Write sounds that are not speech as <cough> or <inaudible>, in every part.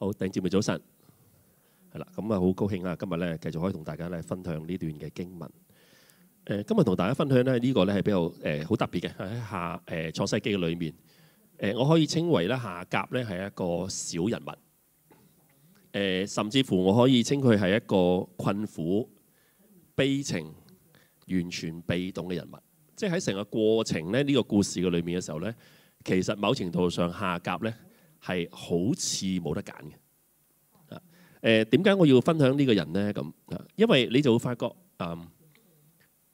好，弟兄姊妹早晨，係啦，咁啊，好高興啊，今日咧繼續可以同大家咧分享呢段嘅經文。誒，今日同大家分享咧呢個咧係比較誒好、呃、特別嘅喺下誒創、呃、世記嘅裏面，誒、呃，我可以稱為咧夏甲咧係一個小人物，誒、呃，甚至乎我可以稱佢係一個困苦、悲情、完全被動嘅人物。即係喺成個過程咧呢、這個故事嘅裏面嘅時候咧，其實某程度上夏甲咧，係好似冇得揀嘅。啊，誒點解我要分享呢個人呢？咁，因為你就會發覺，嗯，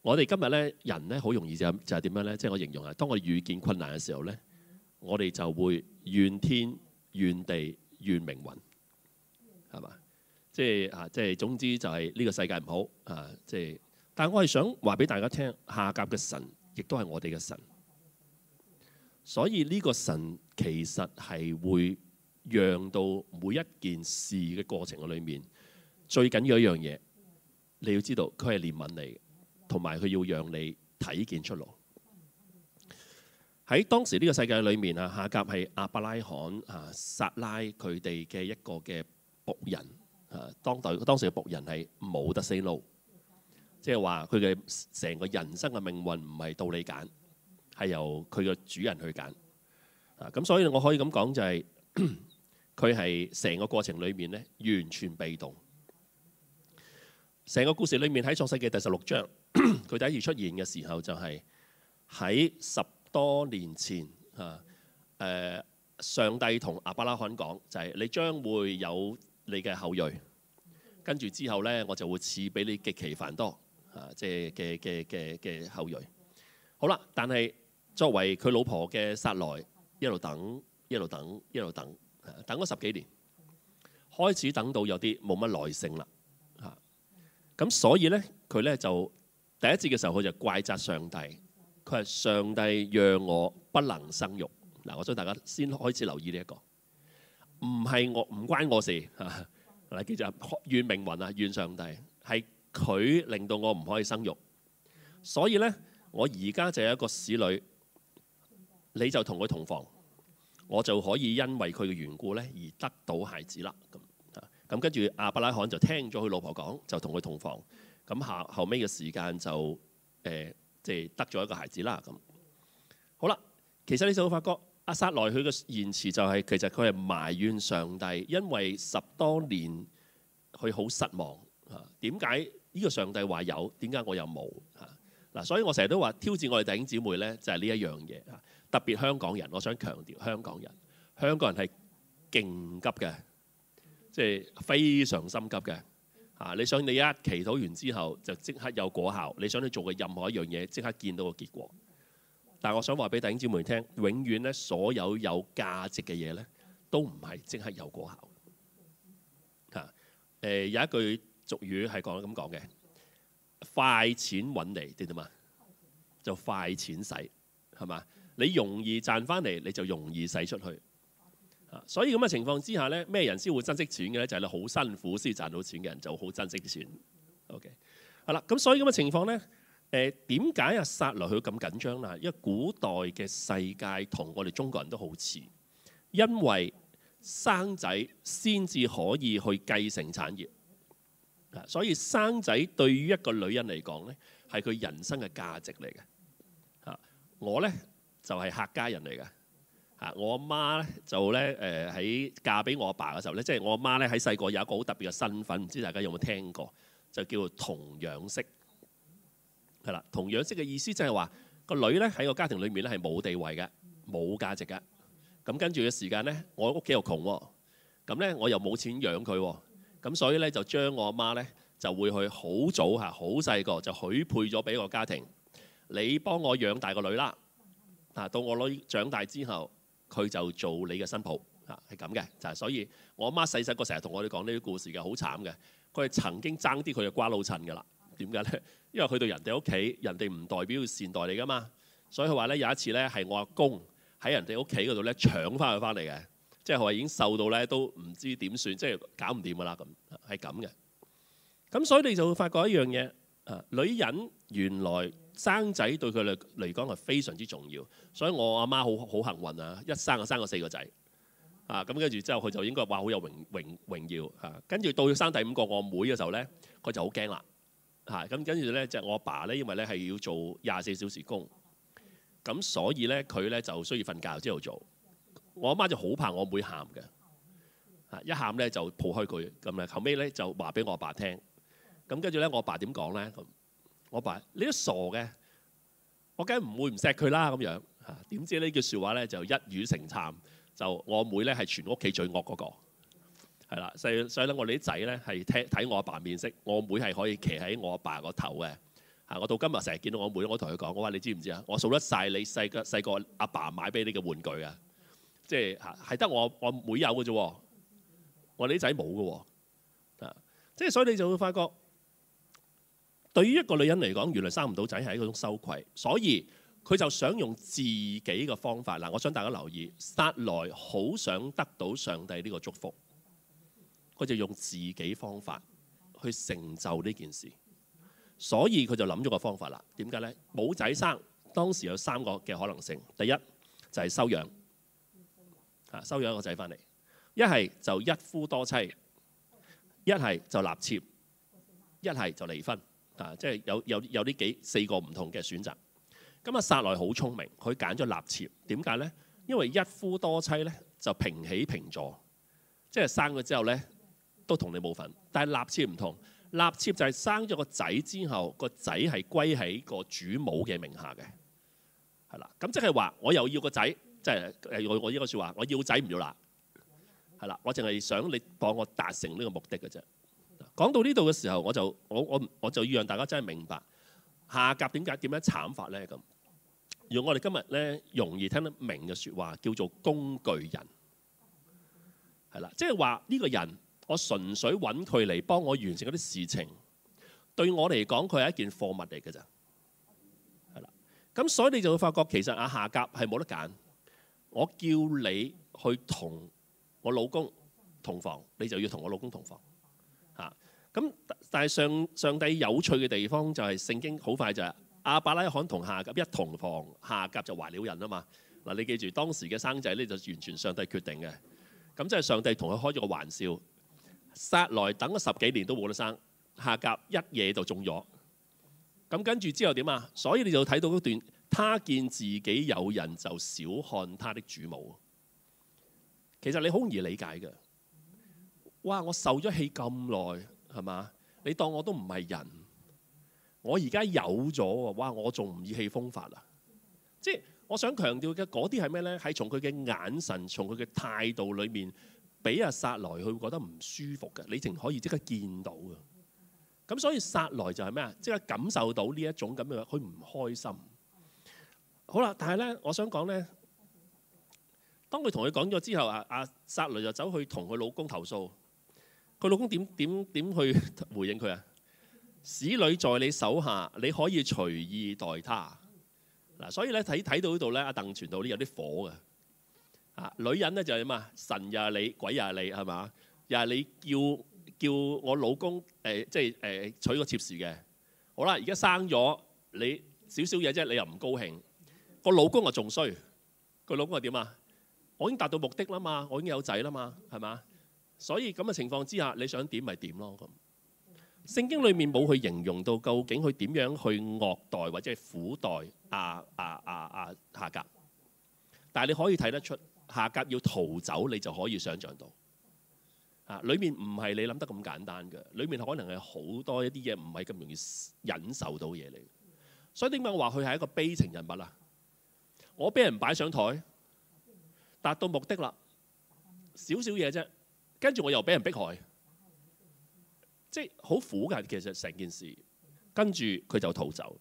我哋今日呢人呢，好容易就就係點樣呢？即係我形容係，當我遇見困難嘅時候呢，我哋就會怨天怨地怨命運，係嘛？即係啊，即係總之就係呢個世界唔好啊！即係，但我係想話俾大家聽，下甲嘅神亦都係我哋嘅神。所以呢個神其實係會讓到每一件事嘅過程嘅裏面，最緊要的一樣嘢，你要知道佢係憐憫你，同埋佢要讓你睇見出路。喺當時呢個世界裏面啊，夏甲係亞伯拉罕啊撒拉佢哋嘅一個嘅僕人啊，當代當時嘅僕人係冇得 say no，即係話佢嘅成個人生嘅命運唔係到你揀。係由佢個主人去揀，啊咁所以我可以咁講就係佢係成個過程裏面咧完全被動，成個故事裏面喺創世記第十六章佢第一次出現嘅時候就係、是、喺十多年前啊，誒上帝同亞伯拉罕講就係、是、你將會有你嘅後裔，跟住之後咧我就會賜俾你極其繁多啊，即係嘅嘅嘅嘅後裔。好啦，但係。作為佢老婆嘅撒萊，一路等，一路等，一路等等咗十幾年，開始等到有啲冇乜耐性啦。嚇，咁所以呢，佢呢就第一節嘅時候，佢就怪責上帝，佢係上帝讓我不能生育。嗱，我想大家先開始留意呢一個，唔係我唔關我事嚇。嗱，佢就怨命運啊，怨上帝，係佢令到我唔可以生育。所以呢，我而家就有一個使女。你就同佢同房，我就可以因為佢嘅緣故咧而得到孩子啦。咁咁跟住亞伯拉罕就聽咗佢老婆講，就同佢同房。咁下後尾嘅時間就誒，即係得咗一個孩子啦。咁好啦，其實你就會發覺阿撒萊佢嘅言詞就係其實佢係埋怨上帝，因為十多年佢好失望。嚇，點解呢個上帝話有，點解我又冇？嚇嗱，所以我成日都話挑戰我哋弟兄姊妹咧，就係呢一樣嘢嚇。特別香港人，我想強調香港人，香港人係勁急嘅，即係非常心急嘅。啊，你想你一祈禱完之後就即刻有果效，你想去做嘅任何一樣嘢即刻見到個結果。但係我想話俾弟兄姊妹聽，永遠咧所有有價值嘅嘢咧都唔係即刻有果效。嚇，誒有一句俗語係講咁講嘅，快錢揾嚟知道嘛，就快錢使係嘛？你容易賺翻嚟，你就容易使出去。所以咁嘅情況之下呢，咩人先會珍惜錢嘅呢？就係你好辛苦先賺到錢嘅人就好珍惜錢。OK，好啦。咁所以咁嘅情況呢，誒點解阿撒萊佢咁緊張啦？因為古代嘅世界同我哋中國人都好似，因為生仔先至可以去繼承產業。所以生仔對於一個女人嚟講呢，係佢人生嘅價值嚟嘅。我呢。就係、是、客家人嚟嘅嚇。我阿媽咧就咧誒喺嫁俾我阿爸嘅時候咧，即、就、係、是、我阿媽咧喺細個有一個好特別嘅身份，唔知大家有冇聽過？就叫做童養媳。係啦。童養媳嘅意思即係話個女咧喺個家庭裡面咧係冇地位嘅、冇價值嘅。咁跟住嘅時間咧，我屋企又窮咁咧，我又冇錢養佢咁，所以咧就將我阿媽咧就會去好早嚇好細個就許配咗俾個家庭，你幫我養大個女啦。啊！到我女長大之後，佢就做你嘅新抱啊，係咁嘅就係。所以我阿媽細細個成日同我哋講呢啲故事嘅，好慘嘅。佢係曾經爭啲佢就瓜老襯噶啦。點解咧？因為去到人哋屋企，人哋唔代表善待你噶嘛。所以佢話咧，有一次咧，係我阿公喺人哋屋企嗰度咧，搶翻佢翻嚟嘅。即係佢話已經瘦到咧，都唔知點算，即係搞唔掂噶啦咁，係咁嘅。咁所以你就會發覺一樣嘢啊，女人原來。生仔對佢嚟嚟講係非常之重要，所以我阿媽好好幸運啊！一生就生咗四個仔啊，咁跟住之後佢就應該話好有榮榮榮耀啊！跟住到要生第五個我妹嘅時候咧，佢就好驚啦嚇，咁跟住咧就我阿爸咧，因為咧係要做廿四小時工，咁所以咧佢咧就需要瞓覺之後做，我阿媽就好怕我妹喊嘅嚇，一喊咧就抱開佢咁咧，後尾咧就話俾我阿爸聽，咁跟住咧我阿爸點講咧？我爸，你都傻嘅，我梗唔會唔錫佢啦咁樣。嚇，點知呢句説話咧就一語成讖，就我妹咧係全屋企最惡嗰個，係啦。所以所以咧，我哋啲仔咧係睇睇我阿爸面色，我妹係可以騎喺我阿爸個頭嘅。嚇，我到今日成日見到我妹，我同佢講，我話你知唔知啊？我數得晒你細個細個阿爸買俾你嘅玩具嘅，即係嚇係得我我妹有嘅啫。我哋啲仔冇嘅，啊，即係所以你就會發覺。對於一個女人嚟講，原來生唔到仔係一種羞愧，所以佢就想用自己嘅方法。嗱，我想大家留意，撒萊好想得到上帝呢個祝福，佢就用自己的方法去成就呢件事。所以佢就諗咗個方法啦。點解呢？冇仔生，當時有三個嘅可能性。第一就係、是、收養，嚇，收養一個仔翻嚟；一係就一夫多妻；一係就納妾；一係就離婚。啊！即係有有有呢幾四個唔同嘅選擇。咁啊，撒萊好聰明，佢揀咗納妾。點解咧？因為一夫多妻咧就平起平坐，即係生咗之後咧都同你冇份。但係納妾唔同，納妾就係生咗個仔之後，個仔係歸喺個主母嘅名下嘅。係啦，咁即係話我又要個仔，即係我我依個説話，我要仔唔要乸？係啦，我淨係想你幫我達成呢個目的嘅啫。講到呢度嘅時候，我就我我我就要讓大家真係明白夏甲點解點樣慘法呢？咁。用我哋今日咧容易聽得明嘅説話，叫做工具人，係啦，即係話呢個人我純粹揾佢嚟幫我完成嗰啲事情，對我嚟講佢係一件貨物嚟嘅咋。咁所以你就會發覺其實阿夏甲係冇得揀，我叫你去同我老公同房，你就要同我老公同房。咁但係上上帝有趣嘅地方就係聖經好快就係亞伯拉罕同夏甲一同房，夏甲就懷了孕啦嘛。嗱，你記住當時嘅生仔咧，就完全上帝決定嘅。咁即係上帝同佢開咗個玩笑。撒萊等咗十幾年都冇得生，夏甲一夜就中咗。咁跟住之後點啊？所以你就睇到嗰段，他見自己有人就小看他的主母。其實你好易理解嘅，哇！我受咗氣咁耐。係嘛？你當我都唔係人，我而家有咗喎，哇！我仲唔意氣風發啊！即係我想強調嘅嗰啲係咩咧？係從佢嘅眼神、從佢嘅態度裏面，俾阿撒萊佢會覺得唔舒服嘅，你淨可以即刻見到嘅。咁所以撒萊就係咩啊？即刻感受到呢一種咁樣，佢唔開心。好啦，但係咧，我想講咧，當佢同佢講咗之後，阿阿撒萊就走去同佢老公投訴。佢老公點點點去回應佢啊？使女在你手下，你可以隨意待她。嗱，所以咧睇，睇到呢度咧，阿鄧傳道咧有啲火嘅。啊，女人咧就係乜，神又係你，鬼又係你，係嘛？又係你叫叫，我老公誒，即係誒娶個妾侍嘅。好啦，而家生咗你少少嘢啫，你又唔高興。個老公啊仲衰，個老公係點啊？我已經達到目的啦嘛，我已經有仔啦嘛，係嘛？所以咁嘅情況之下，你想點咪點咯咁。聖經裡面冇去形容到究竟佢點樣去虐待或者係苦待啊啊啊啊夏甲，但係你可以睇得出夏甲要逃走，你就可以想像到啊。裡面唔係你諗得咁簡單嘅，裡面可能係好多一啲嘢唔係咁容易忍受到嘢嚟。所以點解我話佢係一個悲情人物啊？我俾人擺上台，達到目的啦，少少嘢啫。跟住我又俾人逼害，即係好苦噶。其實成件事，跟住佢就逃走。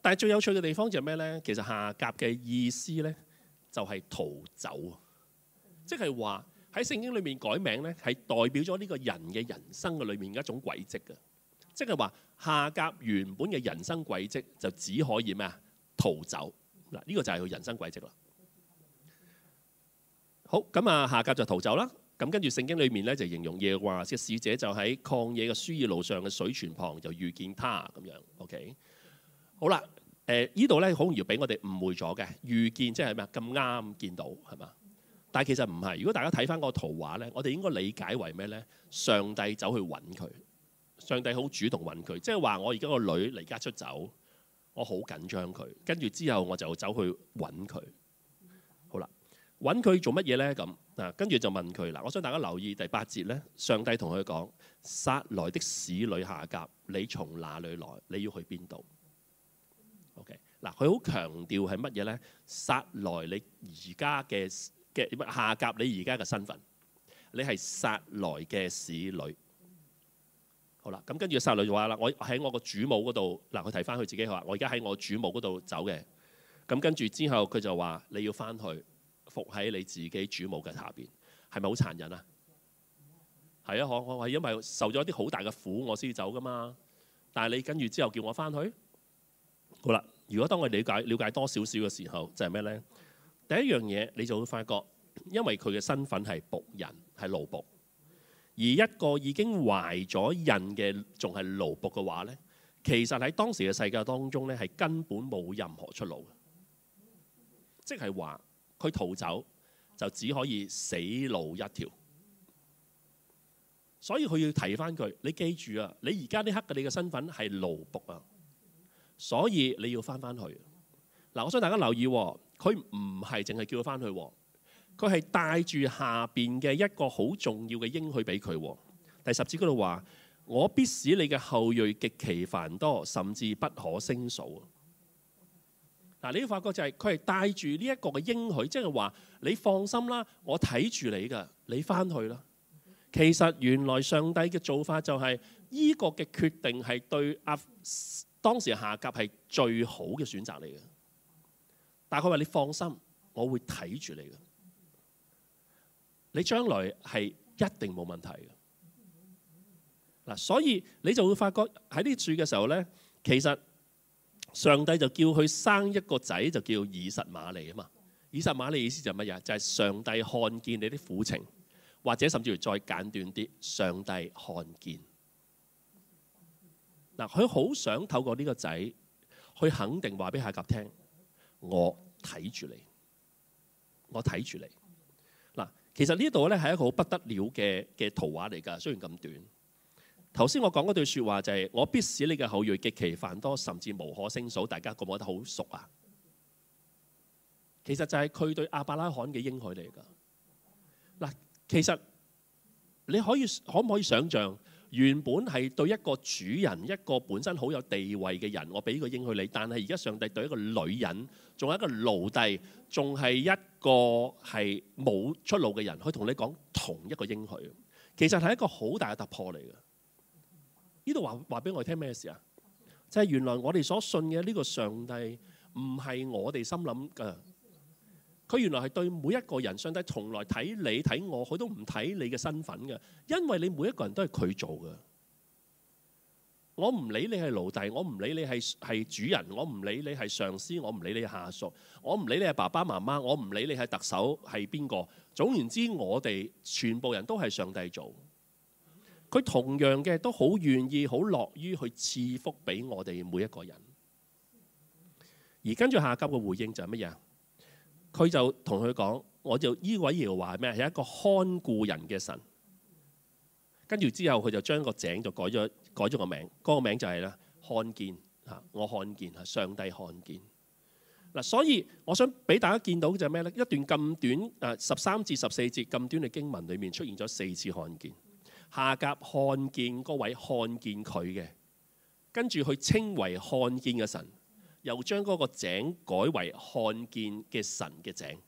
但係最有趣嘅地方就係咩呢？其實夏甲嘅意思呢，就係逃走，即係話喺聖經裏面改名呢，係代表咗呢個人嘅人生裏面一種軌跡嘅。即係話夏甲原本嘅人生軌跡就只可以咩啊？逃走嗱，呢、這個就係佢人生軌跡啦。好咁啊，夏甲就逃走啦。咁跟住聖經裏面咧就形容耶和華嘅使者就喺曠野嘅舒爾路上嘅水泉旁就遇見他咁樣，OK，好啦，誒呢度咧好容易俾我哋誤會咗嘅遇見即係咩啊？咁啱見到係嘛？但其實唔係，如果大家睇翻個圖畫咧，我哋應該理解為咩咧？上帝走去揾佢，上帝好主動揾佢，即係話我而家個女離家出走，我好緊張佢，跟住之後我就走去揾佢。揾佢做乜嘢咧？咁嗱，跟住就問佢嗱。我想大家留意第八節咧，上帝同佢講：撒萊的使女夏甲，你從哪裡來？你要去邊度？OK 嗱，佢好強調係乜嘢咧？撒萊，你而家嘅嘅夏甲，你而家嘅身份，你係撒萊嘅使女。好啦，咁跟住撒萊就話啦：我喺我個主母嗰度嗱。佢提翻佢自己，佢話我而家喺我主母嗰度走嘅。咁跟住之後，佢就話你要翻去。伏喺你自己主母嘅下邊，係咪好殘忍啊？係、嗯、啊，我我係因為受咗一啲好大嘅苦，我先走噶嘛。但係你跟住之後叫我翻去，好啦。如果當我理解了解多少少嘅時候，就係、是、咩呢、嗯？第一樣嘢，你就會發覺，因為佢嘅身份係僕人，係奴僕，而一個已經懷咗孕嘅，仲係奴僕嘅話呢，其實喺當時嘅世界當中呢，係根本冇任何出路嘅，即係話。佢逃走就只可以死路一條，所以佢要提翻佢，你記住啊，你而家呢刻嘅你嘅身份係奴僕啊，所以你要翻翻去。嗱，我想大家留意，佢唔係淨係叫佢翻去，佢係帶住下邊嘅一個好重要嘅應許俾佢。第十節嗰度話：我必使你嘅後裔極其繁多，甚至不可勝數。嗱，你會發覺就係佢係帶住呢一個嘅應許，即係話你放心啦，我睇住你噶，你翻去啦。其實原來上帝嘅做法就係、是、呢、呢個嘅決定係對亞、啊、當時夏甲係最好嘅選擇嚟嘅。但係佢話你放心，我會睇住你嘅，你將來係一定冇問題嘅。嗱，所以你就會發覺喺呢處嘅時候呢，其實。上帝就叫佢生一個仔，就叫以實瑪利啊嘛。以實瑪利意思就係乜嘢？就係、是、上帝看見你啲苦情，或者甚至乎再簡短啲，上帝看見。嗱，佢好想透過呢個仔去肯定話俾夏甲聽：我睇住你，我睇住你。嗱，其實呢度咧係一個好不得了嘅嘅圖畫嚟㗎，雖然咁短。頭先我講嗰句説話就係、是、我必使你嘅後裔極其繁多，甚至無可勝數。大家覺唔覺得好熟啊？其實就係佢對亞伯拉罕嘅應許嚟㗎嗱。其實你可以可唔可以想象，原本係對一個主人、一個本身好有地位嘅人，我俾個應許你，但係而家上帝對一個女人，仲係一個奴隸，仲係一個係冇出路嘅人，可以同你講同一個應許，其實係一個好大嘅突破嚟嘅。呢度話話俾我哋聽咩事啊？就係原來我哋所信嘅呢個上帝，唔係我哋心諗噶。佢原來係對每一個人，上帝從來睇你睇我，佢都唔睇你嘅身份嘅，因為你每一個人都係佢做噶。我唔理你係奴隸，我唔理你係係主人，我唔理你係上司，我唔理你係下屬，我唔理你係爸爸媽媽，我唔理你係特首係邊個。總言之，我哋全部人都係上帝做。佢同樣嘅都好願意、好樂於去賜福俾我哋每一個人。而跟住夏甲嘅回應就係乜嘢？佢就同佢講，我就依位耶和華係咩？係一個看顧人嘅神。跟住之後，佢就將個井就改咗改咗個名，嗰、那個名就係咧看見嚇，我看見嚇，上帝看見嗱。所以我想俾大家見到就係咩呢？一段咁短誒十三至十四節咁短嘅經文裏面出現咗四次看見。下甲看見嗰位看見佢嘅，跟住佢稱為看見嘅神，又將嗰個井改為看見嘅神嘅井。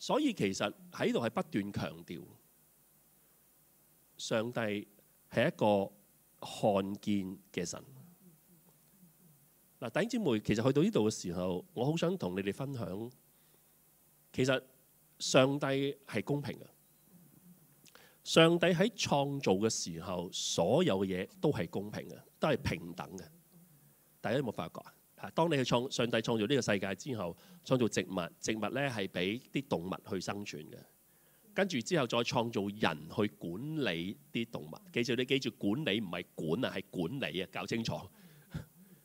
所以其實喺度係不斷強調上帝係一個看見嘅神。嗱，弟兄姊妹，其實去到呢度嘅時候，我好想同你哋分享，其實上帝係公平嘅。上帝喺創造嘅時候，所有嘢都係公平嘅，都係平等嘅。大家有冇發覺啊？嚇，當你去創上帝創造呢個世界之後，創造植物，植物咧，係俾啲動物去生存嘅。跟住之後再創造人去管理啲動物。記住，你記住管理唔係管啊，係管理啊，搞清楚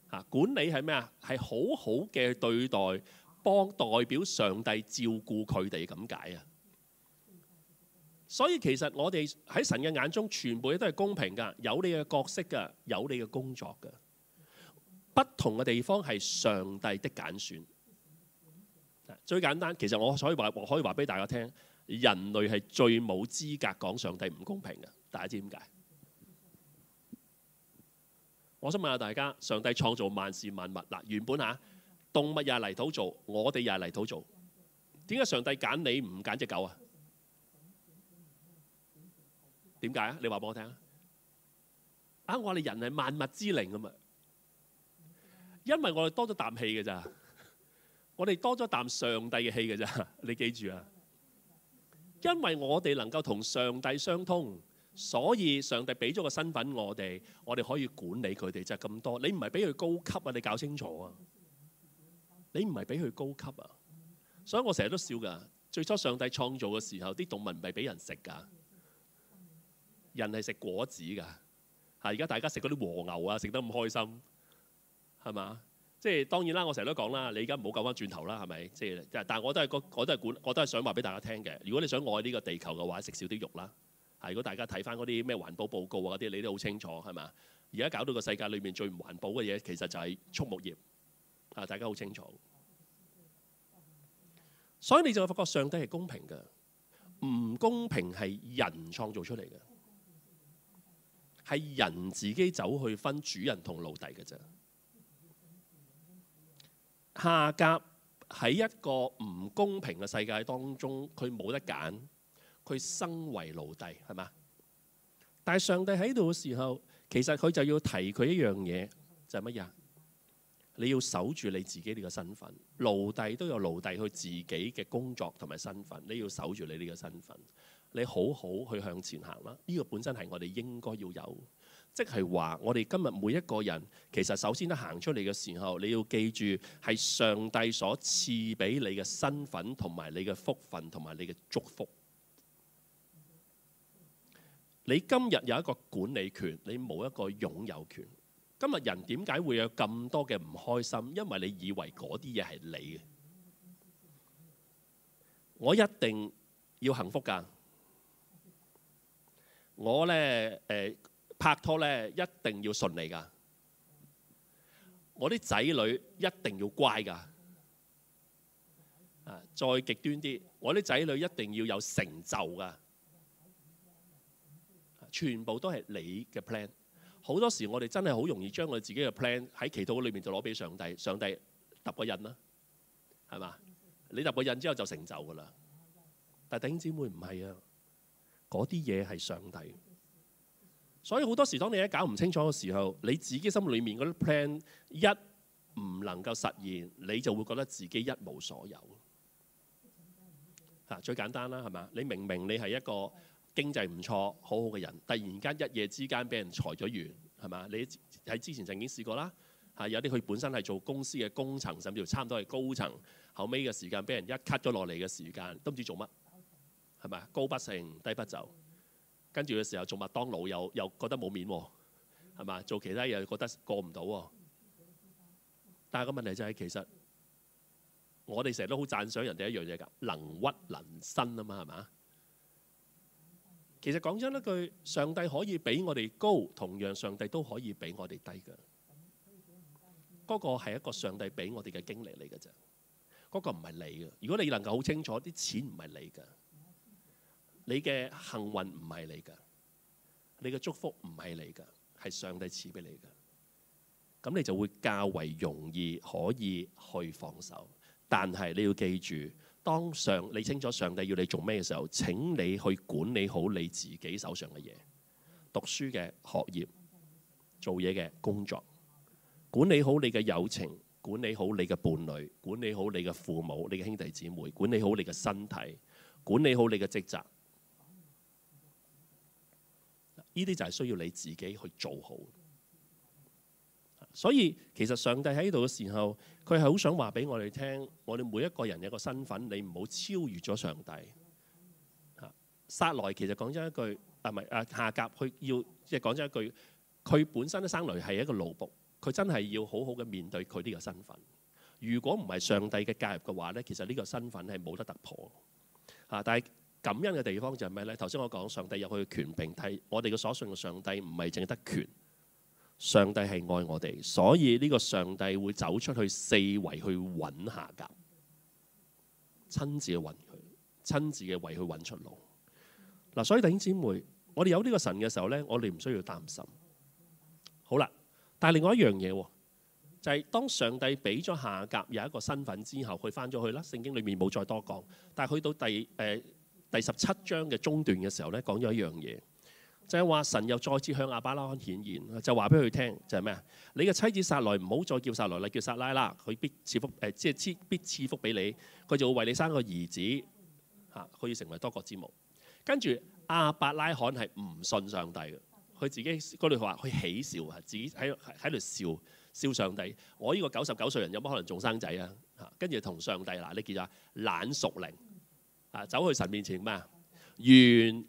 嚇。管理係咩啊？係好好嘅對待，幫代表上帝照顧佢哋咁解啊。所以其實我哋喺神嘅眼中，全部嘢都係公平㗎，有你嘅角色㗎，有你嘅工作㗎。不同嘅地方係上帝的揀選。最簡單，其實我可以話，可以話俾大家聽，人類係最冇資格講上帝唔公平嘅。大家知點解？我想問下大家，上帝創造萬事萬物嗱，原本嚇動物又係泥土做，我哋又係泥土做，點解上帝揀你唔揀隻狗啊？點解啊？你話俾我聽啊！我哋人係萬物之靈㗎嘛！因為我哋多咗啖氣㗎咋，我哋多咗啖上帝嘅氣㗎咋。你記住啊！因為我哋能夠同上帝相通，所以上帝俾咗個身份我哋，我哋可以管理佢哋。就係咁多。你唔係俾佢高級啊！你搞清楚啊！你唔係俾佢高級啊！所以我成日都笑㗎。最初上帝創造嘅時候，啲動物唔係俾人食㗎。人係食果子㗎嚇！而家大家食嗰啲和牛啊，食得咁開心係嘛？即係當然啦！我成日都講啦，你而家唔好救翻轉頭啦，係咪？即係但係我都係我都係我都係想話俾大家聽嘅。如果你想愛呢個地球嘅話，食少啲肉啦。如果大家睇翻嗰啲咩環保報告啊啲，你都好清楚係嘛？而家搞到個世界裏面最唔環保嘅嘢，其實就係畜牧業啊！大家好清楚，所以你就會發覺上帝係公平嘅，唔公平係人創造出嚟嘅。係人自己走去分主人同奴隸嘅啫。夏甲喺一個唔公平嘅世界當中他，佢冇得揀，佢身為奴隸係嘛？但係上帝喺度嘅時候，其實佢就要提佢一樣嘢，就係乜嘢？你要守住你自己呢個身份，奴隸都有奴隸佢自己嘅工作同埋身份，你要守住你呢個身份。你好好去向前行啦！呢個本身係我哋應該要有，即係話我哋今日每一個人，其實首先都行出嚟嘅時候，你要記住係上帝所賜俾你嘅身份同埋你嘅福分同埋你嘅祝福。你今日有一個管理權，你冇一個擁有權。今日人點解會有咁多嘅唔開心？因為你以為嗰啲嘢係你嘅。我一定要幸福㗎。我咧，誒，拍拖咧，一定要順利㗎，我啲仔女一定要乖㗎，啊，再極端啲，我啲仔女一定要有成就㗎，全部都係你嘅 plan。好多時我哋真係好容易將我哋自己嘅 plan 喺祈禱裏面就攞俾上帝，上帝揼個印啦，係嘛？你揼個印之後就成就㗎啦。但係弟兄姊妹唔係啊。嗰啲嘢係上帝，所以好多時當你一搞唔清楚嘅時候，你自己心裏面嗰啲 plan 一唔能夠實現，你就會覺得自己一無所有。嚇，最簡單啦，係嘛？你明明你係一個經濟唔錯、好好嘅人，突然間一夜之間俾人裁咗員，係嘛？你喺之前曾經試過啦，嚇有啲佢本身係做公司嘅工程，甚至乎差唔多係高層，後尾嘅時間俾人一 cut 咗落嚟嘅時間都唔知做乜。係咪高不成低不就？跟住嘅時候做麥當勞又又覺得冇面喎，係咪啊？做其他嘢又覺得過唔到喎。但係個問題就係其實我哋成日都好讚賞人哋一樣嘢㗎，能屈能伸啊嘛，係咪啊？其實講真一句，上帝可以俾我哋高，同樣上帝都可以俾我哋低㗎。嗰個係一個上帝俾我哋嘅經歷嚟㗎咋。嗰個唔係你嘅。如果你能夠好清楚，啲錢唔係你㗎。你嘅幸運唔係你噶，你嘅祝福唔係你噶，係上帝賜俾你噶。咁你就會較為容易可以去放手。但係你要記住，當上你清楚上帝要你做咩嘅時候，請你去管理好你自己手上嘅嘢，讀書嘅學業，做嘢嘅工作，管理好你嘅友情，管理好你嘅伴侶，管理好你嘅父母、你嘅兄弟姊妹，管理好你嘅身體，管理好你嘅職責。呢啲就係需要你自己去做好，所以其實上帝喺呢度嘅時候，佢係好想話俾我哋聽，我哋每一個人有一個身份，你唔好超越咗上帝。哈！撒萊其實講咗一句，啊，唔係啊，夏甲佢要即係講咗一句，佢本身生嚟係一個奴僕，佢真係要好好嘅面對佢呢個身份。如果唔係上帝嘅介入嘅話咧，其實呢個身份係冇得突破。啊，但係。感恩嘅地方就係咩呢？頭先我講上帝入去權柄替我哋嘅所信嘅上帝唔係淨係得權，上帝係愛我哋，所以呢個上帝會走出去四圍去搵夏甲，親自去搵佢，親自嘅為佢去搵出路。嗱，所以弟兄姊妹，我哋有呢個神嘅時候呢，我哋唔需要擔心。好啦，但係另外一樣嘢，就係、是、當上帝俾咗夏甲有一個身份之後，佢翻咗去啦。聖經裏面冇再多講，但係去到第誒。呃第十七章嘅中段嘅時候咧，講咗一樣嘢，就係話神又再次向亞伯拉罕顯現，就話俾佢聽，就係咩？你嘅妻子撒萊唔好再叫撒萊啦，叫撒拉啦。佢必賜福，誒、呃，即係必賜福俾你。佢就會為你生個兒子，佢要成為多國之母。跟住亞伯拉罕係唔信上帝嘅，佢自己嗰度話佢喜笑，自己喺喺度笑笑上帝。我呢個九十九歲人有乜可能仲生仔啊？嚇，跟住同上帝嗱，你叫啊懶熟靈。啊！走去神面前咩？願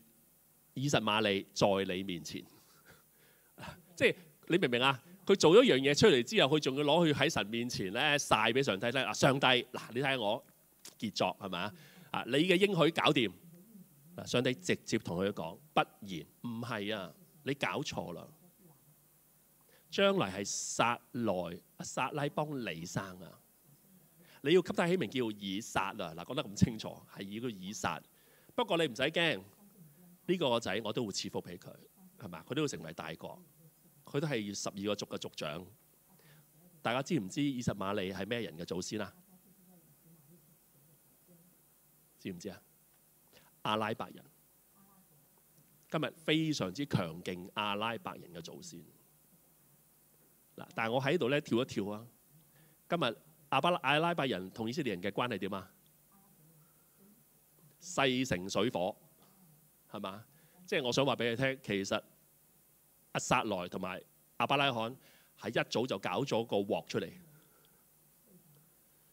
以實瑪利在你面前，即 <laughs> 係、就是、你明唔明啊？佢做咗一樣嘢出嚟之後，佢仲要攞去喺神面前咧晒俾上帝聽。啊，上帝嗱，你睇下我傑作係咪啊？啊，你嘅應許搞掂嗱，上帝直接同佢講：不然唔係啊，你搞錯啦！將來係撒萊啊，撒拉幫你生啊！你要給他起名叫以撒啊！嗱，講得咁清楚，係個以撒。不過你唔使驚，呢、這個仔我都會賜福俾佢，係咪？佢都會成為大國，佢都係十二個族嘅族長。大家知唔知以實瑪利係咩人嘅祖先啊？知唔知啊？阿拉伯人，今日非常之強勁。阿拉伯人嘅祖先嗱，但係我喺度咧跳一跳啊！今日。亞伯拉、阿拉伯人同以色列人嘅關係點啊？勢成水火，係嘛？即係我想話俾你聽，其實亞撒萊同埋亞伯拉罕係一早就搞咗個鑊出嚟，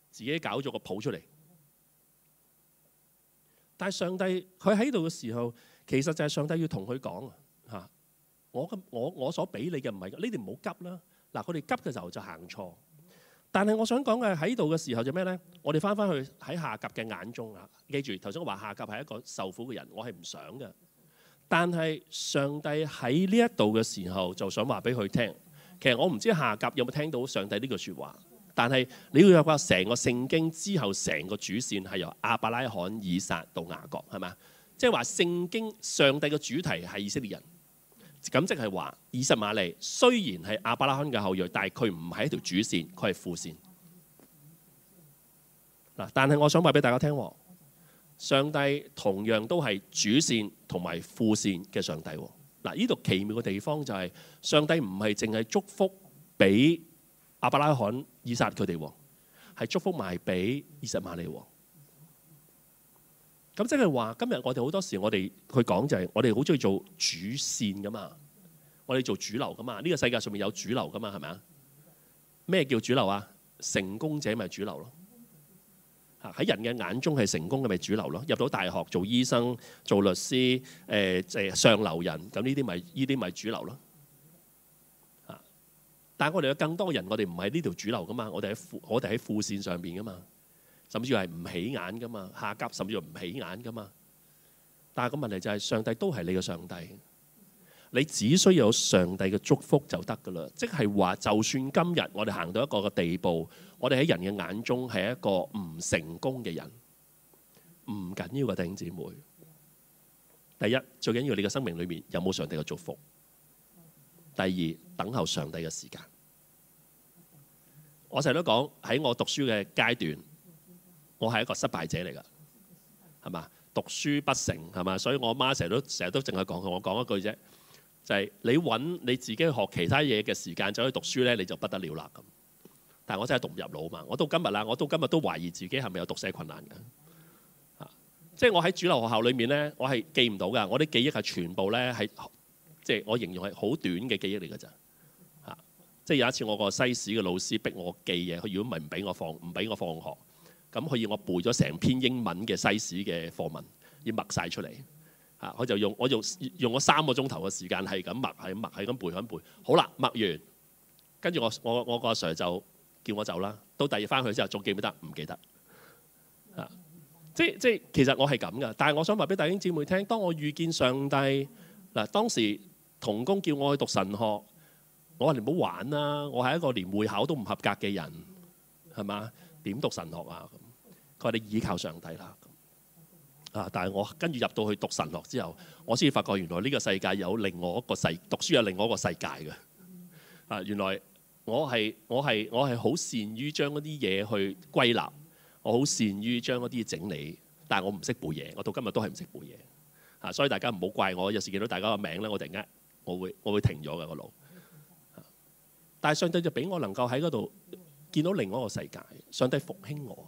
自己搞咗個譜出嚟。但係上帝佢喺度嘅時候，其實就係上帝要同佢講啊！吓，我咁我我所俾你嘅唔係，你哋唔好急啦。嗱，佢哋急嘅時候就行錯。但係我想講嘅喺度嘅時候就咩呢？我哋翻翻去喺夏甲嘅眼中啊！記住，頭先我話夏甲係一個受苦嘅人，我係唔想嘅。但係上帝喺呢一度嘅時候就想話俾佢聽。其實我唔知道夏甲有冇聽到上帝呢句説話。但係你要入翻成個聖經之後，成個主線係由亞伯拉罕、以撒到雅各，係咪？即係話聖經上帝嘅主題係以色列人。咁即係話，以實瑪利雖然係亞伯拉罕嘅後裔，但佢唔係一條主線，佢係副線嗱。但係我想話俾大家聽，上帝同樣都係主線同埋副線嘅上帝嗱。呢度奇妙嘅地方就係、是、上帝唔係淨係祝福俾亞伯拉罕、以撒佢哋，係祝福埋俾以實瑪利。咁即係話，今日我哋好多時，我哋去講就係，我哋好中意做主線噶嘛，我哋做主流噶嘛，呢個世界上面有主流噶嘛，係咪啊？咩叫主流啊？成功者咪主流咯，啊喺人嘅眼中係成功嘅咪主流咯，入到大學做醫生、做律師，誒、呃、誒上流人，咁呢啲咪呢啲咪主流咯，啊！但係我哋有更多人，我哋唔係呢條主流噶嘛，我哋喺副我哋喺副線上邊噶嘛。甚至乎係唔起眼噶嘛，夏甲甚至乎唔起眼噶嘛。但係個問題就係，上帝都係你嘅上帝，你只需要上帝嘅祝福就得噶啦。即係話，就算今日我哋行到一個個地步，我哋喺人嘅眼中係一個唔成功嘅人，唔緊要啊，弟兄姊妹。第一，最緊要你嘅生命裏面有冇上帝嘅祝福；第二，等候上帝嘅時間。我成日都講，喺我讀書嘅階段。我係一個失敗者嚟㗎，係嘛？讀書不成係嘛，所以我阿媽成日都成日都淨係講佢我講一句啫，就係、是、你揾你自己去學其他嘢嘅時間，走去讀書呢，你就不得了啦咁。但係我真係讀唔入腦嘛。我到今日啦，我到今日都懷疑自己係咪有讀寫困難㗎？即係、就是、我喺主流學校裡面呢，我係記唔到㗎。我啲記憶係全部呢，係即係我形容係好短嘅記憶嚟㗎咋。即係有一次我個西史嘅老師逼我記嘢，佢如果唔係唔俾我放唔俾我放學。咁可以我背咗成篇英文嘅西史嘅課文，要默晒出嚟。啊，我就用我用用咗三個鐘頭嘅時間，係咁默係咁默係咁背咁背。好啦，默完，跟住我我我個阿 Sir 就叫我走啦。到第二日返去之後，仲記唔記得？唔記得。啊，即即其實我係咁噶，但係我想話俾弟兄姊妹聽，當我遇見上帝嗱，當時同工叫我去讀神學，我話你唔好玩啦，我係一個連會考都唔合格嘅人，係嘛？點讀神學啊？咁佢話你依靠上帝啦。啊！但係我跟住入到去讀神學之後，我先至發覺原來呢個世界有另外一個世，讀書有另外一個世界嘅。啊！原來我係我係我係好善於將嗰啲嘢去歸納，我好善於將嗰啲嘢整理。但係我唔識背嘢，我到今日都係唔識背嘢。啊！所以大家唔好怪我。有時見到大家個名咧，我突然間我會我會停咗㗎個腦。但係上帝就俾我能夠喺嗰度。見到另外一個世界，上帝復興我。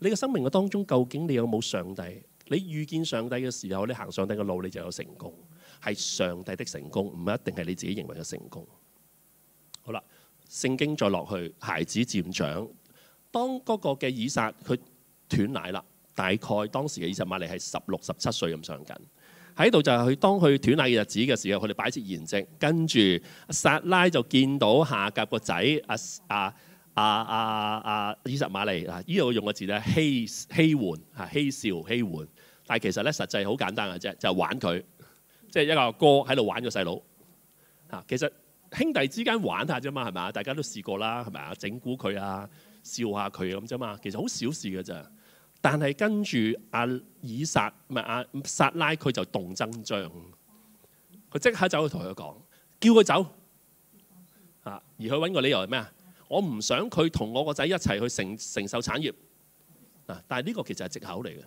你嘅生命嘅當中，究竟你有冇上帝？你遇見上帝嘅時候，你行上帝嘅路，你就有成功。係上帝的成功，唔一定係你自己認為嘅成功。好啦，聖經再落去，孩子漸長。當嗰個嘅以撒佢斷奶啦，大概當時嘅以實瑪利係十六、十七歲咁上緊喺度。就係佢當佢斷奶嘅日子嘅時候，佢哋擺設筵席，跟住撒拉就見到夏甲個仔阿阿。啊啊啊，阿、啊、阿、啊、以撒瑪利嗱，呢度用個字咧欺欺瞞嚇欺笑欺瞞，但係其實咧實際好簡單嘅啫，就是、玩佢，即、就、係、是、一個哥喺度玩個細佬嚇。其實兄弟之間玩下啫嘛，係咪啊？大家都試過啦，係咪啊？整蠱佢啊，笑一下佢咁啫嘛。其實好小事嘅咋。但係跟住阿以撒唔係啊，撒拉佢就動真章，佢即刻走去同佢講，叫佢走嚇、啊，而佢揾個理由係咩啊？我唔想佢同我個仔一齊去承承受產業嗱，但係呢個其實係藉口嚟嘅，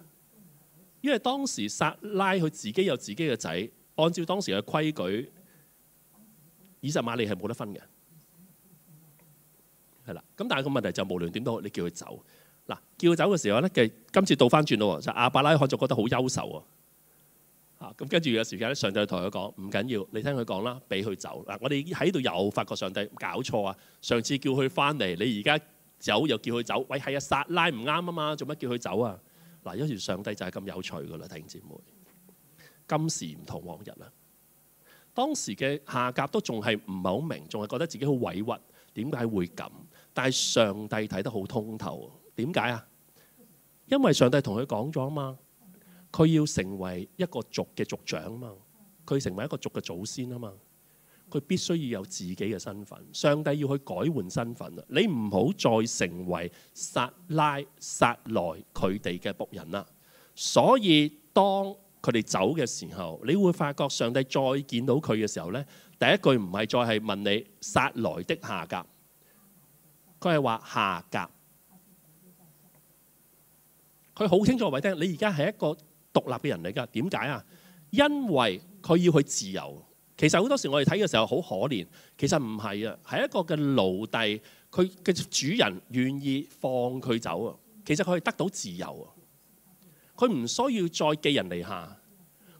因為當時撒拉佢自己有自己嘅仔，按照當時嘅規矩，以實瑪利係冇得分嘅，係啦。咁但係個問題就無論點都好，你叫佢走嗱，叫佢走嘅時候咧，其實今次倒翻轉咯，就是、亞伯拉罕就覺得好憂愁啊。咁、啊、跟住有時間咧，上帝同佢講唔緊要，你聽佢講啦，俾佢走嗱、啊。我哋喺度又發覺上帝搞錯啊！上次叫佢翻嚟，你而家走又叫佢走。喂，係啊，撒拉唔啱啊嘛，做乜叫佢走啊？嗱，於是上帝就係咁有趣噶啦，弟兄姊妹。今時唔同往日啦。當時嘅夏甲都仲係唔係好明，仲係覺得自己好委屈，點解會咁？但係上帝睇得好通透，點解啊？因為上帝同佢講咗啊嘛。佢要成為一個族嘅族長啊嘛，佢成為一個族嘅祖先啊嘛，佢必須要有自己嘅身份。上帝要去改換身份啊！你唔好再成為撒拉、撒萊佢哋嘅僕人啦。所以當佢哋走嘅時候，你會發覺上帝再見到佢嘅時候咧，第一句唔係再係問你撒萊的夏甲，佢係話夏甲。佢好清楚衞聽，你而家係一個獨立嘅人嚟噶，點解啊？因為佢要去自由。其實好多時我哋睇嘅時候好可憐，其實唔係啊，係一個嘅奴隸，佢嘅主人願意放佢走啊。其實佢係得到自由啊，佢唔需要再寄人籬下，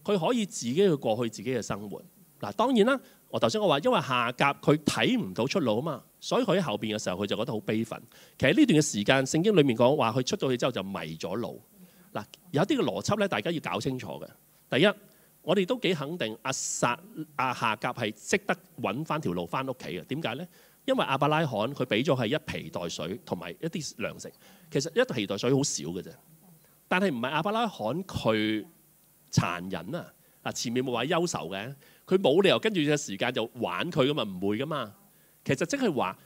佢可以自己去過去自己嘅生活。嗱，當然啦，我頭先我話，因為夏甲佢睇唔到出路啊嘛，所以佢喺後邊嘅時候佢就覺得好悲憤。其實呢段嘅時間，聖經裡面講話佢出到去之後就迷咗路了。嗱，有啲嘅邏輯咧，大家要搞清楚嘅。第一，我哋都幾肯定阿撒阿夏甲係識得揾翻條路翻屋企嘅。點解咧？因為阿伯拉罕佢俾咗係一皮袋水同埋一啲糧食。其實一皮袋水好少嘅啫。但係唔係阿伯拉罕佢殘忍啊？嗱，前面冇話憂愁嘅，佢冇理由跟住只時間就玩佢噶嘛，唔會噶嘛。其實即係話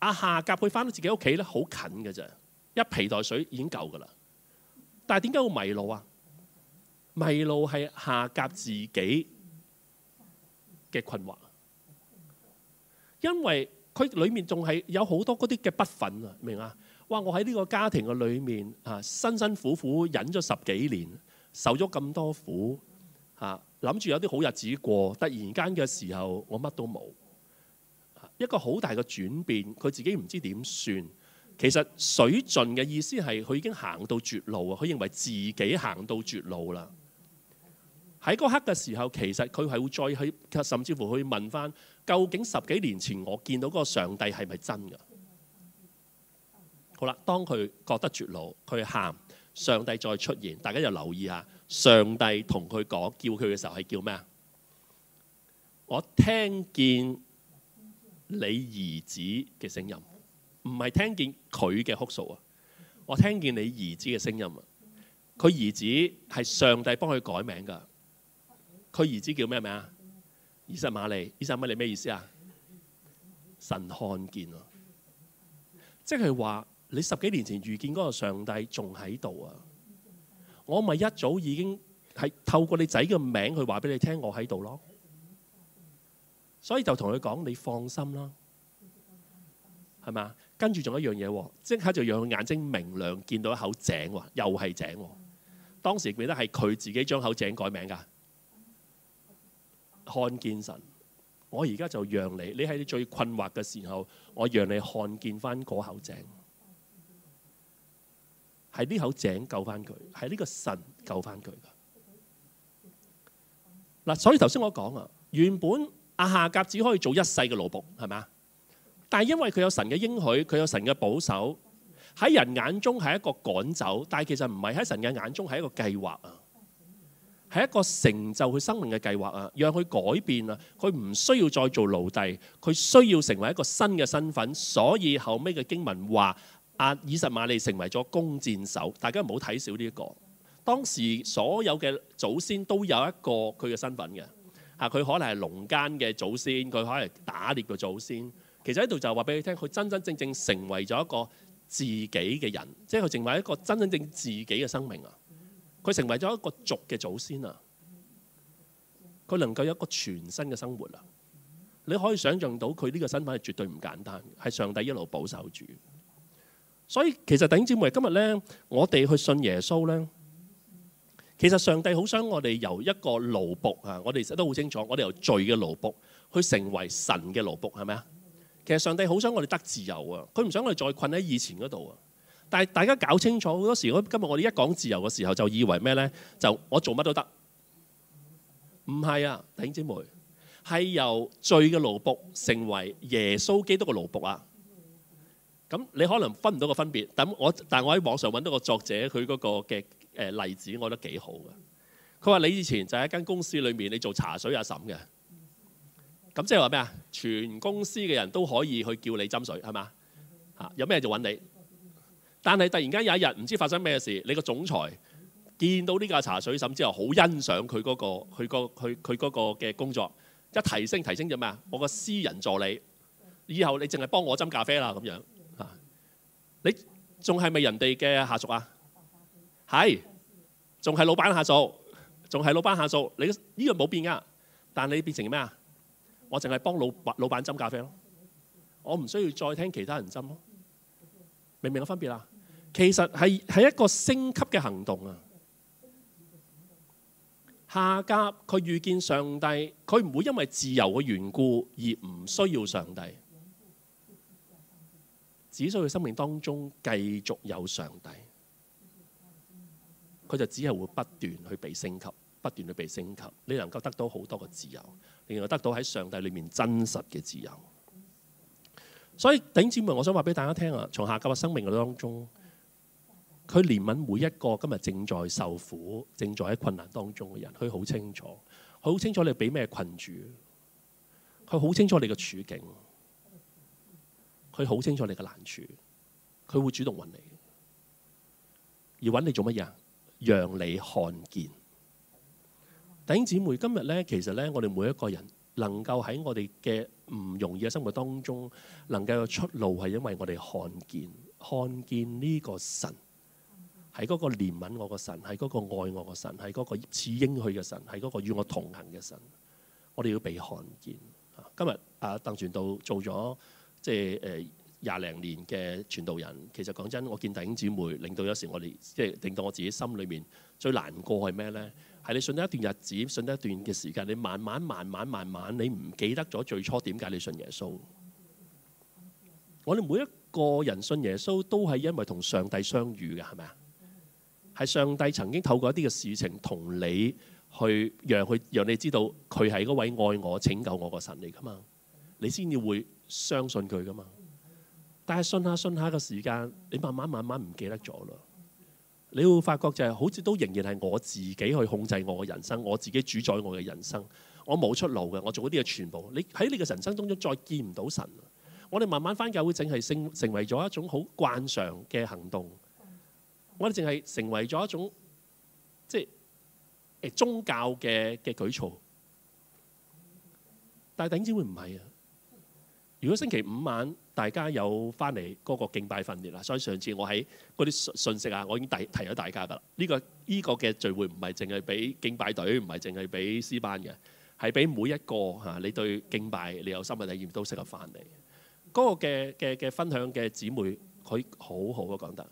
阿夏甲佢翻到自己屋企咧，好近嘅啫，一皮袋水已經夠嘅啦。但係點解會迷路啊？迷路係下夾自己嘅困惑，因為佢裡面仲係有好多嗰啲嘅不忿啊！明啊？哇！我喺呢個家庭嘅裏面啊，辛辛苦苦忍咗十幾年，受咗咁多苦啊，諗住有啲好日子過，突然間嘅時候，我乜都冇，一個好大嘅轉變，佢自己唔知點算。其實水盡嘅意思係佢已經行到絕路啊！佢認為自己行到絕路啦。喺嗰刻嘅時候，其實佢係會再去，甚至乎去問翻究竟十幾年前我見到嗰個上帝係咪真㗎？好啦，當佢覺得絕路，佢喊上帝再出現，大家就留意下上帝同佢講叫佢嘅時候係叫咩啊？我聽見你兒子嘅聲音。唔係聽見佢嘅哭訴啊，我聽見你兒子嘅聲音啊。佢兒子係上帝幫佢改名噶，佢兒子叫咩名啊？以實瑪利，以實瑪利咩意思啊？神看見啊，即係話你十幾年前遇見嗰個上帝仲喺度啊。我咪一早已經係透過你仔嘅名去話俾你聽，我喺度咯。所以就同佢講，你放心啦，係咪？跟住仲有一樣嘢，即刻就讓佢眼睛明亮，見到一口井，又係井。當時記得係佢自己將口井改名噶。看見神，我而家就讓你，你喺你最困惑嘅時候，我讓你看見翻嗰口井。係呢口井救翻佢，係呢個神救翻佢。嗱，所以頭先我講啊，原本阿夏甲只可以做一世嘅奴僕，係咪啊？但係因為佢有神嘅應許，佢有神嘅保守，喺人眼中係一個趕走，但係其實唔係，喺神嘅眼中係一個計劃啊，係一個成就佢生命嘅計劃啊，讓佢改變啊，佢唔需要再做奴隸，佢需要成為一個新嘅身份，所以後尾嘅經文話啊，以實瑪利成為咗弓箭手，大家唔好睇小呢一個，當時所有嘅祖先都有一個佢嘅身份嘅，吓佢可能係農間嘅祖先，佢可能打獵嘅祖先。其實喺度就話俾你聽，佢真真正正成為咗一個自己嘅人，即係佢成為一個真真正自己嘅生命啊。佢成為咗一個族嘅祖先啊。佢能夠有一個全新嘅生活啊。你可以想象到佢呢個身份係絕對唔簡單嘅，係上帝一路保守住。所以其實弟兄姊妹，今日咧我哋去信耶穌咧，其實上帝好想我哋由一個奴僕啊，我哋都好清楚，我哋由罪嘅奴僕去成為神嘅奴僕，係咪啊？其實上帝好想我哋得自由啊！佢唔想我哋再困喺以前嗰度啊！但係大家搞清楚，好多時候今天我今日我哋一講自由嘅時候，就以為咩呢？就我做乜都得？唔係啊，弟兄姊妹係由罪嘅奴僕成為耶穌基督嘅奴僕啊！咁你可能分唔到個分別。咁我但係我喺網上揾到個作者，佢嗰個嘅誒例子，我覺得幾好嘅。佢話：你以前就喺間公司裏面，你做茶水阿嬸嘅。咁即係話咩啊？全公司嘅人都可以去叫你斟水，係嘛、嗯嗯啊、有咩就揾你。但係突然間有一日唔知發生咩事，你個總裁見到呢架茶水嬸之後，好欣賞佢嗰、嗰個佢、嗰個佢佢、嗰個嘅工作，一提升提升就咩啊、嗯？我個私人助理，以後你淨係幫我斟咖啡啦咁樣啊？你仲係咪人哋嘅下屬啊？係，仲係老闆下屬，仲係老闆下屬。你呢個冇變㗎，但你變成咩啊？我淨係幫老老闆斟咖啡咯，我唔需要再聽其他人斟咯。明唔明有分別啊？其實係係一個升級嘅行動啊。下甲佢遇見上帝，佢唔會因為自由嘅緣故而唔需要上帝，只需要佢生命當中繼續有上帝，佢就只係會不斷去被升級，不斷去被升級，你能夠得到好多個自由。然後得到喺上帝裏面真實嘅自由。所以弟兄姊妹，我想話俾大家聽啊，從夏甲嘅生命嘅當中，佢憐憫每一個今日正在受苦、正在喺困難當中嘅人，佢好清楚，佢好清楚你俾咩困住，佢好清楚你嘅處境，佢好清楚你嘅難處，佢會主動揾你，而揾你做乜嘢？讓你看見。弟兄姊妹，今日咧，其實咧，我哋每一個人能夠喺我哋嘅唔容易嘅生活當中能夠有出路，係因為我哋看見看見呢個神係嗰個憐憫我嘅神，係嗰個愛我嘅神，係嗰個始應許嘅神，係嗰個與我同行嘅神。我哋要被看見。今日啊，鄧傳道做咗即係誒廿零年嘅傳道人，其實講真，我見弟兄姊妹，令到有時我哋即係令到我自己心裏面最難過係咩咧？係你信得一段日子，信得一段嘅時間，你慢慢、慢慢、慢慢，你唔記得咗最初點解你信耶穌。嗯嗯嗯、我哋每一個人信耶穌，都係因為同上帝相遇嘅，係咪啊？係、嗯嗯、上帝曾經透過一啲嘅事情，同你去讓佢，讓你知道佢係嗰位愛我、拯救我個神嚟噶嘛？嗯、你先至會相信佢噶嘛？嗯嗯、但係信下信下嘅時間，你慢慢慢慢唔記得咗咯。你會發覺就係、是、好似都仍然係我自己去控制我嘅人生，我自己主宰我嘅人生，我冇出路嘅，我做嗰啲嘅全部。你喺你嘅人生當中再見唔到神，我哋慢慢翻教會，淨係成成為咗一種好慣常嘅行動。我哋淨係成為咗一種即宗教嘅嘅舉措。但係頂止會唔係啊？如果星期五晚大家有翻嚟嗰個敬拜訓練啦，所以上次我喺嗰啲訊息啊，我已經提提咗大家㗎啦、這個。呢、這個呢個嘅聚會唔係淨係俾敬拜隊，唔係淨係俾詩班嘅，係俾每一個嚇、啊、你對敬拜你有心嘅體驗都適合翻嚟嗰個嘅嘅嘅分享嘅姊妹，佢、mm-hmm. 好好啊講得。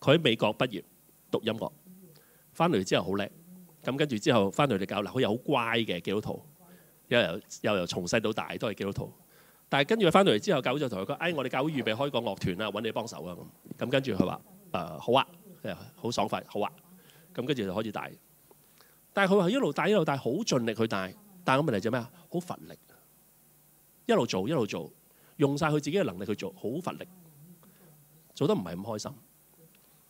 佢喺美國畢業讀音樂，翻嚟之後好叻，咁跟住之後翻嚟你教，嗱佢又好乖嘅基督徒，又又又由從細到大都係基督徒。但係跟住佢翻到嚟之後，教會就同佢講：誒、哎，我哋教會預備開個樂團啦，揾你幫手啊！咁，咁跟住佢話：誒，好啊，好爽快，好啊！咁跟住就開始帶。但係佢話一路帶一路帶，好盡力去帶。但係個問題就咩啊？好乏力，一路做一路做，一路做，用晒佢自己嘅能力去做，好乏力，做得唔係咁開心。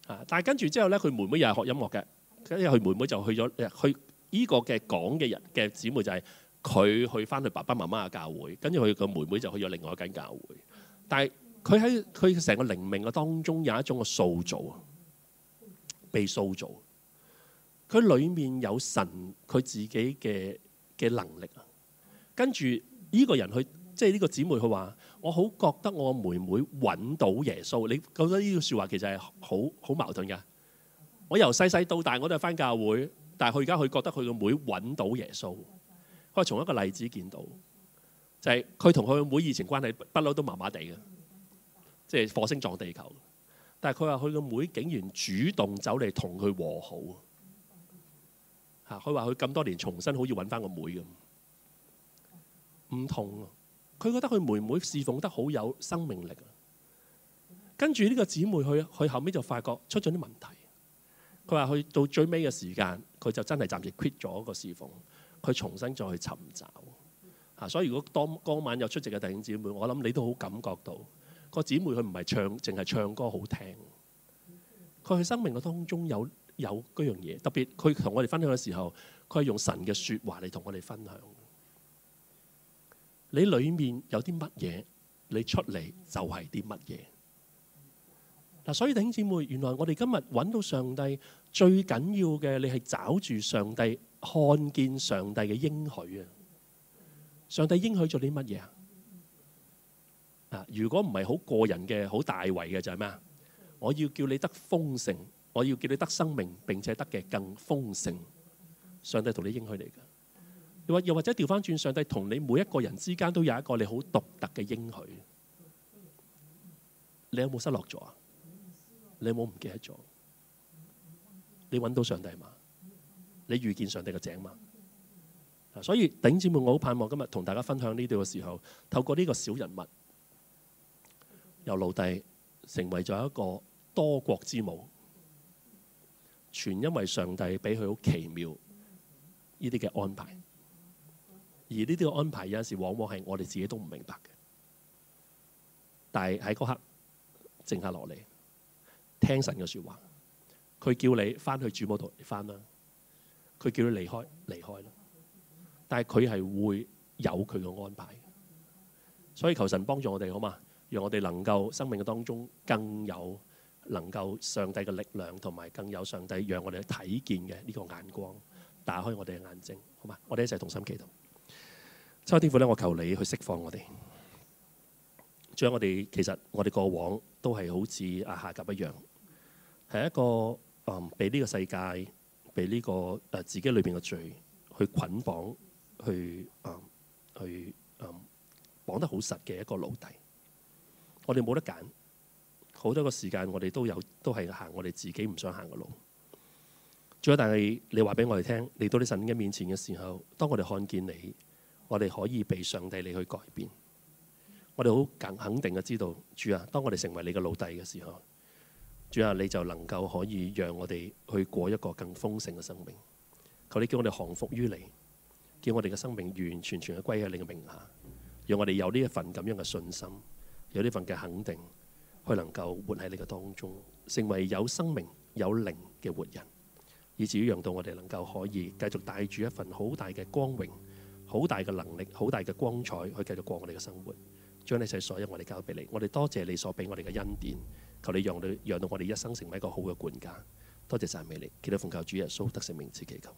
啊！但係跟住之後咧，佢妹妹又係學音樂嘅，跟住佢妹妹就去咗，去依個嘅講嘅人嘅姊妹就係、是。佢去翻佢爸爸媽媽嘅教會，跟住佢個妹妹就去咗另外一間教會。但係佢喺佢成個靈命嘅當中有一種嘅塑造啊，被塑造。佢裡面有神佢自己嘅嘅能力啊。跟住呢個人去，即係呢個姊妹去話：我好覺得我妹妹揾到耶穌。你覺得呢句説話其實係好好矛盾㗎？我由細細到大我都係翻教會，但係佢而家佢覺得佢個妹揾到耶穌。佢從一個例子見到，就係佢同佢個妹以前關係不嬲都麻麻地嘅，即係火星撞地球。但係佢話佢個妹竟然主動走嚟同佢和好啊！嚇，佢話佢咁多年重新好似揾翻個妹咁，唔同。啊！佢覺得佢妹妹侍奉得好有生命力啊！跟住呢個姊妹，去，佢後尾就發覺出咗啲問題。佢話去到最尾嘅時間，佢就真係暫時 quit 咗個侍奉。佢重新再去尋找，嚇！所以如果當嗰晚有出席嘅弟兄姊妹，我諗你都好感覺到個姊妹佢唔係唱，淨係唱歌好聽。佢喺生命嘅當中有有嗰樣嘢，特別佢同我哋分享嘅時候，佢係用神嘅說話嚟同我哋分享。你裡面有啲乜嘢，你出嚟就係啲乜嘢。嗱，所以弟兄姊妹，原來我哋今日揾到上帝最緊要嘅，你係找住上帝。看見上帝嘅應許啊！上帝應許咗啲乜嘢啊？如果唔係好個人嘅好大位嘅就係咩啊？我要叫你得豐盛，我要叫你得生命，並且得嘅更豐盛。上帝同你應許嚟㗎，又或又或者調翻轉，上帝同你每一個人之間都有一個你好獨特嘅應許。你有冇失落咗？你有冇唔記得咗？你揾到上帝嘛？你遇見上帝嘅井嘛？所以弟兄姊妹，我好盼望今日同大家分享呢段嘅時候，透過呢個小人物由奴隸成為咗一個多國之母，全因為上帝俾佢好奇妙呢啲嘅安排。而呢啲嘅安排有陣時往往係我哋自己都唔明白嘅，但係喺嗰刻靜下落嚟聽神嘅説話，佢叫你翻去主母度，你翻啦。佢叫佢離開，離開啦。但係佢係會有佢嘅安排，所以求神幫助我哋好嘛，讓我哋能夠生命嘅當中更有能夠上帝嘅力量，同埋更有上帝讓我哋去睇見嘅呢個眼光，打開我哋嘅眼睛，好嘛？我哋一齊同心祈禱。差天父咧，我求你去釋放我哋，將我哋其實我哋過往都係好似夏甲一樣，係一個嗯俾呢個世界。被呢、這個、呃、自己裏邊嘅罪去捆綁去誒、嗯、去、嗯、綁得好實嘅一個奴隸，我哋冇得揀。好多個時間我哋都有都係行我哋自己唔想行嘅路。仲有，但係你話俾我哋聽，嚟到你神嘅面前嘅時候，當我哋看見你，我哋可以被上帝你去改變，我哋好肯肯定嘅知道，主啊，當我哋成為你嘅奴隸嘅時候，主啊，你就能夠可以讓我哋去過一個更豐盛嘅生命。求你叫我哋降服於你，叫我哋嘅生命完完全全係歸喺你嘅名下。讓我哋有呢一份咁樣嘅信心，有呢份嘅肯定，去能夠活喺你嘅當中，成為有生命有靈嘅活人，以至於讓到我哋能夠可以繼續帶住一份好大嘅光榮、好大嘅能力、好大嘅光彩去繼續過我哋嘅生活。將呢世所有的我哋交俾你。我哋多謝你所俾我哋嘅恩典。求你讓到讓到我哋一生成為一個好嘅管家，多謝晒，美力，求奉靠主耶穌得勝名字祈求。